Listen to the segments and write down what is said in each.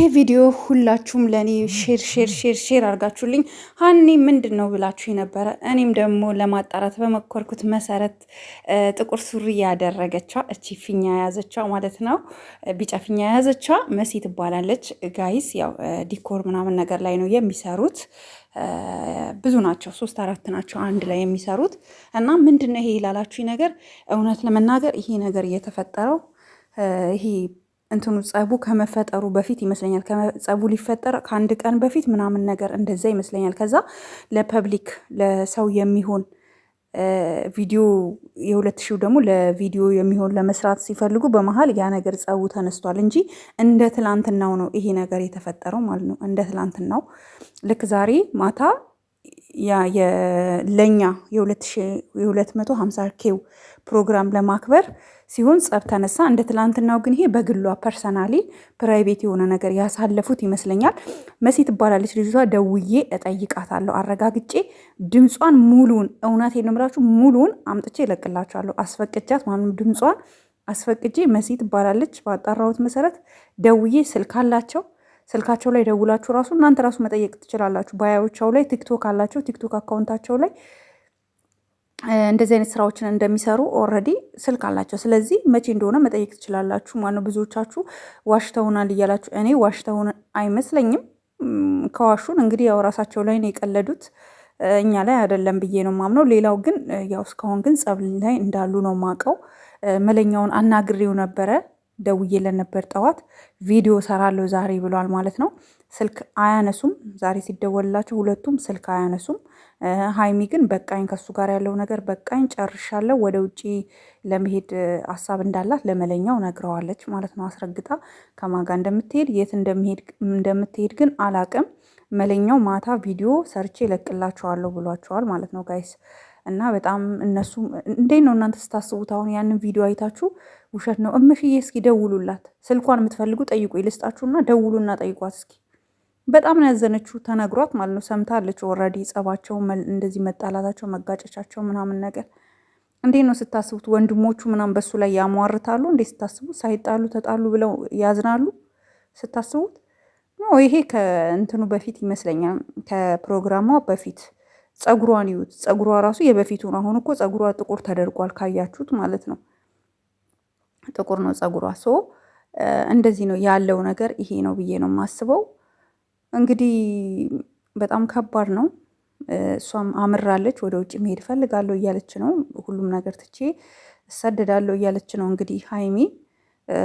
ይሄ ቪዲዮ ሁላችሁም ለእኔ ሼር ሼር ሼር ሼር አድርጋችሁልኝ ሀኒ ምንድን ነው ብላችሁ ነበረ። እኔም ደግሞ ለማጣራት በመኮርኩት መሰረት ጥቁር ሱሪ ያደረገቻ እቺ ፊኛ የያዘቿ ማለት ነው፣ ቢጫ ፊኛ የያዘቿ መሲ ትባላለች። ጋይስ ያው ዲኮር ምናምን ነገር ላይ ነው የሚሰሩት ብዙ ናቸው። ሶስት አራት ናቸው አንድ ላይ የሚሰሩት እና ምንድን ነው ይሄ ላላችሁኝ ነገር እውነት ለመናገር ይሄ ነገር እየተፈጠረው ይሄ እንትኑ ጸቡ ከመፈጠሩ በፊት ይመስለኛል። ጸቡ ሊፈጠር ከአንድ ቀን በፊት ምናምን ነገር እንደዛ ይመስለኛል። ከዛ ለፐብሊክ ለሰው የሚሆን ቪዲዮ የሁለት ሺው ደግሞ ለቪዲዮ የሚሆን ለመስራት ሲፈልጉ በመሀል ያ ነገር ጸቡ ተነስቷል እንጂ እንደ ትላንትናው ነው ይሄ ነገር የተፈጠረው ማለት ነው። እንደ ትላንትናው ልክ ዛሬ ማታ ያ ለእኛ የ250 ኬው ፕሮግራም ለማክበር ሲሆን ጸብ ተነሳ። እንደ ትላንትናው ግን ይሄ በግሏ ፐርሰናሊ ፕራይቬት የሆነ ነገር ያሳለፉት ይመስለኛል። መሲ ትባላለች ልጅቷ። ደውዬ እጠይቃታለሁ አረጋግጬ ድምጿን ሙሉን፣ እውነት ነው ሙሉን አምጥቼ እለቅላችኋለሁ። አስፈቅጃት ማንም ድምጿን አስፈቅጄ መሲ ትባላለች ባጣራሁት መሰረት ደውዬ ስልክ አላቸው ስልካቸው ላይ ደውላችሁ ራሱ እናንተ ራሱ መጠየቅ ትችላላችሁ። ባያዎቻው ላይ ቲክቶክ አላቸው። ቲክቶክ አካውንታቸው ላይ እንደዚህ አይነት ስራዎችን እንደሚሰሩ ኦልሬዲ ስልክ አላቸው። ስለዚህ መቼ እንደሆነ መጠየቅ ትችላላችሁ ማነው ብዙዎቻችሁ ዋሽተውናል እያላችሁ እኔ ዋሽተውን አይመስለኝም። ከዋሹን እንግዲህ ያው ራሳቸው ላይ ነው የቀለዱት እኛ ላይ አይደለም ብዬ ነው ማምነው ሌላው ግን ያው እስካሁን ግን ጸብ ላይ እንዳሉ ነው ማቀው። መለኛውን አናግሬው ነበረ ደውዬ ነበር ጠዋት። ቪዲዮ ሰራለሁ ዛሬ ብሏል ማለት ነው። ስልክ አያነሱም። ዛሬ ሲደወልላቸው ሁለቱም ስልክ አያነሱም። ሀይሚ ግን በቃኝ፣ ከሱ ጋር ያለው ነገር በቃኝ፣ ጨርሻለሁ፣ ወደ ውጭ ለመሄድ ሀሳብ እንዳላት ለመለኛው ነግረዋለች ማለት ነው። አስረግጣ ከማጋ እንደምትሄድ የት እንደምትሄድ ግን አላቅም። መለኛው ማታ ቪዲዮ ሰርቼ ለቅላቸዋለሁ ብሏቸዋል ማለት ነው ጋይስ እና በጣም እነሱ እንዴት ነው እናንተ ስታስቡት? አሁን ያንን ቪዲዮ አይታችሁ ውሸት ነው እምሽዬ፣ እስኪ ደውሉላት፣ ስልኳን የምትፈልጉ ጠይቁ፣ ልስጣችሁና ደውሉና ጠይቋት እስኪ። በጣም ነው ያዘነችው፣ ተነግሯት ማለት ነው ሰምታለች። ኦልሬዲ ጸባቸው እንደዚህ መጣላታቸው፣ መጋጨቻቸው ምናምን ነገር እንዴት ነው ስታስቡት? ወንድሞቹ ምናምን በሱ ላይ ያሟርታሉ። እንዴ ስታስቡት? ሳይጣሉ ተጣሉ ብለው ያዝናሉ ስታስቡት? ይሄ ከእንትኑ በፊት ይመስለኛል ከፕሮግራሟ በፊት ፀጉሯን ይዩት። ፀጉሯ ራሱ የበፊቱ ነው። አሁን እኮ ፀጉሯ ጥቁር ተደርጓል ካያችሁት ማለት ነው። ጥቁር ነው ፀጉሯ። ሶ እንደዚህ ነው ያለው ነገር ይሄ ነው ብዬ ነው የማስበው። እንግዲህ በጣም ከባድ ነው። እሷም አምራለች ወደ ውጭ መሄድ ፈልጋለሁ እያለች ነው። ሁሉም ነገር ትቼ እሰደዳለሁ እያለች ነው። እንግዲህ ሀይሚ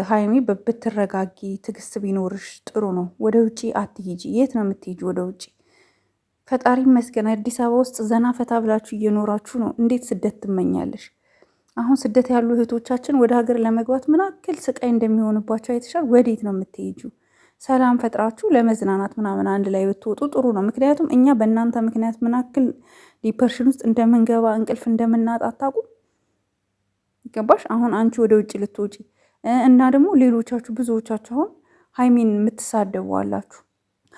ሀይሚ ብትረጋጊ፣ ትግስ ቢኖርሽ ጥሩ ነው። ወደ ውጭ አትሂጂ። የት ነው የምትሄጂ? ወደ ውጭ ፈጣሪ ይመስገን አዲስ አበባ ውስጥ ዘና ፈታ ብላችሁ እየኖራችሁ ነው። እንዴት ስደት ትመኛለሽ? አሁን ስደት ያሉ እህቶቻችን ወደ ሀገር ለመግባት ምናክል ስቃይ እንደሚሆንባቸው አይተሻል። ወዴት ነው የምትሄጁ? ሰላም ፈጥራችሁ ለመዝናናት ምናምን አንድ ላይ ብትወጡ ጥሩ ነው። ምክንያቱም እኛ በእናንተ ምክንያት ምናክል ዲፐርሽን ውስጥ እንደምንገባ እንቅልፍ እንደምናጣ አታውቁም። ገባሽ? አሁን አንቺ ወደ ውጭ ልትወጪ እና ደግሞ ሌሎቻችሁ ብዙዎቻችሁ አሁን ሀይሚን የምትሳደቡ አላችሁ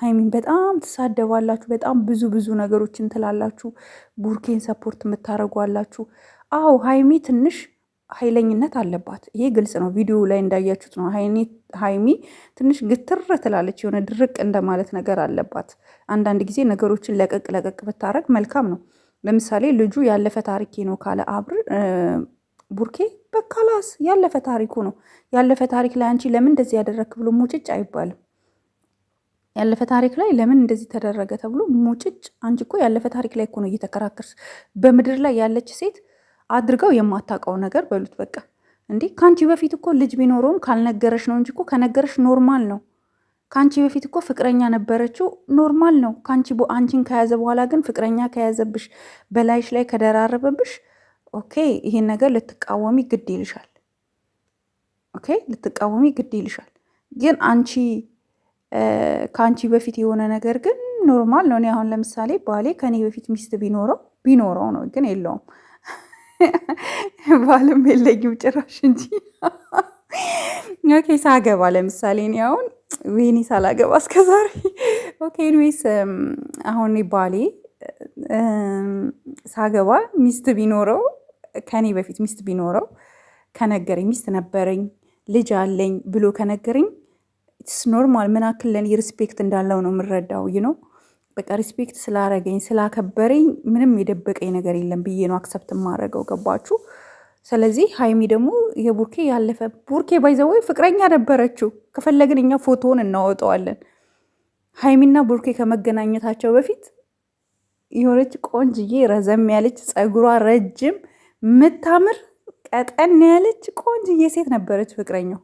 ሀይሚን በጣም ትሳደባላችሁ። በጣም ብዙ ብዙ ነገሮችን ትላላችሁ። ቡርኬን ሰፖርት የምታደርጓላችሁ። አዎ ሀይሚ ትንሽ ኃይለኝነት አለባት። ይሄ ግልጽ ነው። ቪዲዮ ላይ እንዳያችሁት ነው። ሀይሚ ትንሽ ግትር ትላለች። የሆነ ድርቅ እንደማለት ነገር አለባት። አንዳንድ ጊዜ ነገሮችን ለቀቅ ለቀቅ ብታረግ መልካም ነው። ለምሳሌ ልጁ ያለፈ ታሪኬ ነው ካለ አብር ቡርኬ በካላስ ያለፈ ታሪኩ ነው። ያለፈ ታሪክ ላይ አንቺ ለምን እንደዚህ ያደረክ ብሎ ሙጭጭ አይባልም። ያለፈ ታሪክ ላይ ለምን እንደዚህ ተደረገ ተብሎ ሙጭጭ። አንቺ እኮ ያለፈ ታሪክ ላይ እኮ ነው እየተከራከርሽ። በምድር ላይ ያለች ሴት አድርገው የማታውቀው ነገር በሉት በቃ። እንዴ። ከአንቺ በፊት እኮ ልጅ ቢኖረውም ካልነገረሽ ነው እንጂ እኮ ከነገረሽ ኖርማል ነው። ከአንቺ በፊት እኮ ፍቅረኛ ነበረችው ኖርማል ነው። ከአንቺ አንቺን ከያዘ በኋላ ግን ፍቅረኛ ከያዘብሽ፣ በላይሽ ላይ ከደራረበብሽ፣ ኦኬ ይሄን ነገር ልትቃወሚ ግድ ይልሻል። ኦኬ ልትቃወሚ ግድ ይልሻል። ግን አንቺ ከአንቺ በፊት የሆነ ነገር ግን ኖርማል ነው። እኔ አሁን ለምሳሌ ባሌ ከኔ በፊት ሚስት ቢኖረው ቢኖረው ነው ግን የለውም ባልም የለኝም ጭራሽ እንጂ ኦኬ ሳገባ ለምሳሌ እኔ አሁን ወይኔ ሳላገባ እስከዛሬ ኦኬ ኤኒዌይስ አሁን ባሌ ሳገባ ሚስት ቢኖረው ከኔ በፊት ሚስት ቢኖረው ከነገረኝ ሚስት ነበረኝ ልጅ አለኝ ብሎ ከነገረኝ ኢትስ ኖርማል። ምን ያክል ሪስፔክት እንዳለው ነው የምረዳው። ዩ ነው በቃ ሪስፔክት ስላረገኝ ስላከበረኝ ምንም የደበቀኝ ነገር የለም ብዬ ነው አክሰብት የማደርገው። ገባችሁ? ስለዚህ ሀይሚ ደግሞ የቡርኬ ያለፈ ቡርኬ ባይዘወይ ፍቅረኛ ነበረችው። ከፈለግን እኛ ፎቶውን እናወጣዋለን። ሀይሚና ቡርኬ ከመገናኘታቸው በፊት የሆነች ቆንጅዬ ረዘም ያለች ፀጉሯ ረጅም ምታምር ቀጠን ያለች ቆንጅዬ ሴት ነበረች ፍቅረኛው።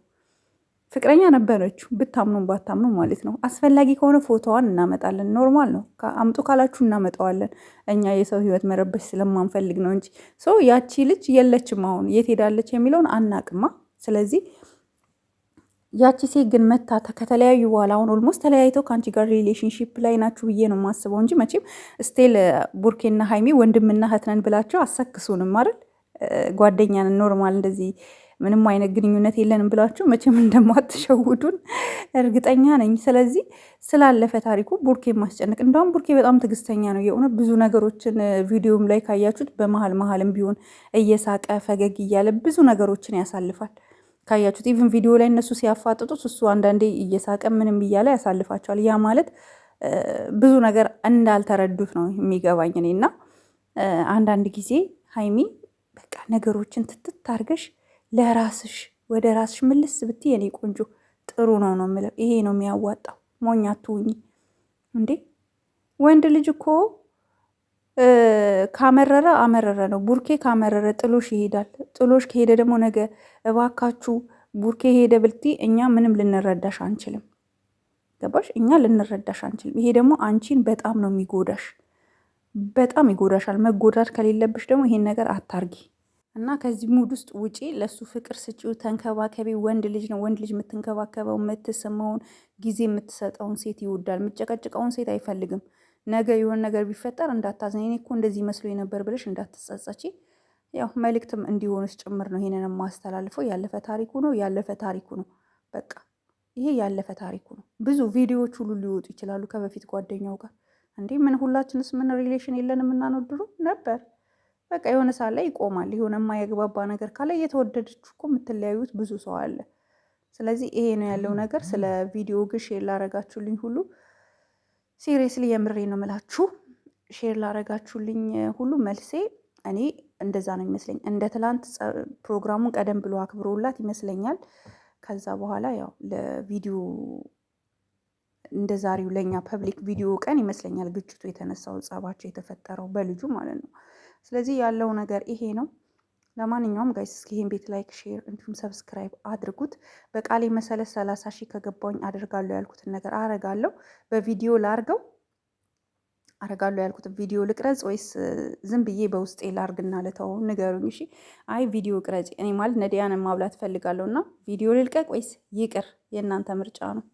ፍቅረኛ ነበረችው ብታምኑም ባታምኑ ማለት ነው። አስፈላጊ ከሆነ ፎቶዋን እናመጣለን። ኖርማል ነው። አምጡ ካላችሁ እናመጣዋለን። እኛ የሰው ህይወት መረበሽ ስለማንፈልግ ነው እንጂ ሶ ያቺ ልጅ የለችም። አሁን የት ሄዳለች የሚለውን አናቅማ። ስለዚህ ያቺ ሴት ግን መታ ከተለያዩ በኋላ አሁን ኦልሞስት ተለያይተው ከአንቺ ጋር ሪሌሽንሽፕ ላይ ናችሁ ብዬ ነው የማስበው እንጂ መቼም ስቴል ቡርኬና ሀይሚ ወንድምና እህት ነን ብላቸው አሰክሱንም አይደል? ጓደኛን ኖርማል እንደዚህ ምንም አይነት ግንኙነት የለንም ብላችሁ መቼም እንደማትሸውዱን እርግጠኛ ነኝ። ስለዚህ ስላለፈ ታሪኩ ቡርኬ ማስጨነቅ እንደውም ቡርኬ በጣም ትዕግስተኛ ነው የሆነ ብዙ ነገሮችን ቪዲዮም ላይ ካያችሁት በመሀል መሀልም ቢሆን እየሳቀ ፈገግ እያለ ብዙ ነገሮችን ያሳልፋል ካያችሁት ኢቭን ቪዲዮ ላይ እነሱ ሲያፋጥጡት እሱ አንዳንዴ እየሳቀ ምንም እያለ ያሳልፋቸዋል። ያ ማለት ብዙ ነገር እንዳልተረዱት ነው የሚገባኝ እኔ እና አንዳንድ ጊዜ ሀይሚ በቃ ነገሮችን ትትት አድርገሽ ለራስሽ ወደ ራስሽ ምልስ ብትይ የኔ ቆንጆ ጥሩ ነው ነው የምለው። ይሄ ነው የሚያዋጣው። ሞኛ አትሁኝ እንዴ! ወንድ ልጅ እኮ ካመረረ አመረረ ነው። ቡርኬ ካመረረ ጥሎሽ ይሄዳል። ጥሎሽ ከሄደ ደግሞ ነገ እባካችሁ ቡርኬ ሄደ ብልቲ እኛ ምንም ልንረዳሽ አንችልም። ገባሽ? እኛ ልንረዳሽ አንችልም። ይሄ ደግሞ አንቺን በጣም ነው የሚጎዳሽ፣ በጣም ይጎዳሻል። መጎዳት ከሌለብሽ ደግሞ ይሄን ነገር አታርጊ። እና ከዚህ ሙድ ውስጥ ውጪ። ለሱ ፍቅር ስጪው፣ ተንከባከቢ። ወንድ ልጅ ነው። ወንድ ልጅ የምትንከባከበው የምትስመውን፣ ጊዜ የምትሰጠውን ሴት ይወዳል። የምትጨቀጭቀውን ሴት አይፈልግም። ነገ የሆነ ነገር ቢፈጠር እንዳታዝን፣ እኔ እኮ እንደዚህ መስሎ የነበር ብለሽ እንዳትጸጸች። ያው መልእክትም እንዲሆንስ ጭምር ነው ይሄንን የማስተላልፈው። ያለፈ ታሪኩ ነው፣ ያለፈ ታሪኩ ነው። በቃ ይሄ ያለፈ ታሪኩ ነው። ብዙ ቪዲዮዎች ሁሉ ሊወጡ ይችላሉ ከበፊት ጓደኛው ጋር እንዴ። ምን ሁላችንስ ምን ሪሌሽን የለንም እናኖድሩ ነበር በቃ የሆነ ሰዓት ላይ ይቆማል። የሆነ የማያግባባ ነገር ካለ እየተወደደች እኮ የምትለያዩት ብዙ ሰው አለ። ስለዚህ ይሄ ነው ያለው ነገር። ስለ ቪዲዮ ግን ሼር ላረጋችሁልኝ ሁሉ ሲሪየስሊ የምሬ ነው ምላችሁ፣ ሼር ላረጋችሁልኝ ሁሉ መልሴ እኔ እንደዛ ነው ይመስለኝ። እንደ ትላንት ፕሮግራሙን ቀደም ብሎ አክብሮላት ይመስለኛል። ከዛ በኋላ ያው ለቪዲዮ እንደ ዛሬው ለእኛ ፐብሊክ ቪዲዮ ቀን ይመስለኛል ግጭቱ የተነሳው ጸባቸው የተፈጠረው በልጁ ማለት ነው። ስለዚህ ያለው ነገር ይሄ ነው። ለማንኛውም ጋይስ እስኪ ይሄን ቤት ላይክ፣ ሼር እንዲሁም ሰብስክራይብ አድርጉት። በቃሌ መሰለ ሰላሳ ሺህ ከገባኝ አደርጋለሁ ያልኩትን ነገር አረጋለሁ። በቪዲዮ ላርገው አረጋለሁ ያልኩትን ቪዲዮ ልቅረጽ ወይስ ዝም ብዬ በውስጤ ላርግና ልተው? ንገሩኝ። እሺ። አይ ቪዲዮ ቅረጽ፣ እኔ ማለት ነዲያንን ማብላት ፈልጋለሁ እና ቪዲዮ ልልቀቅ ወይስ ይቅር? የእናንተ ምርጫ ነው።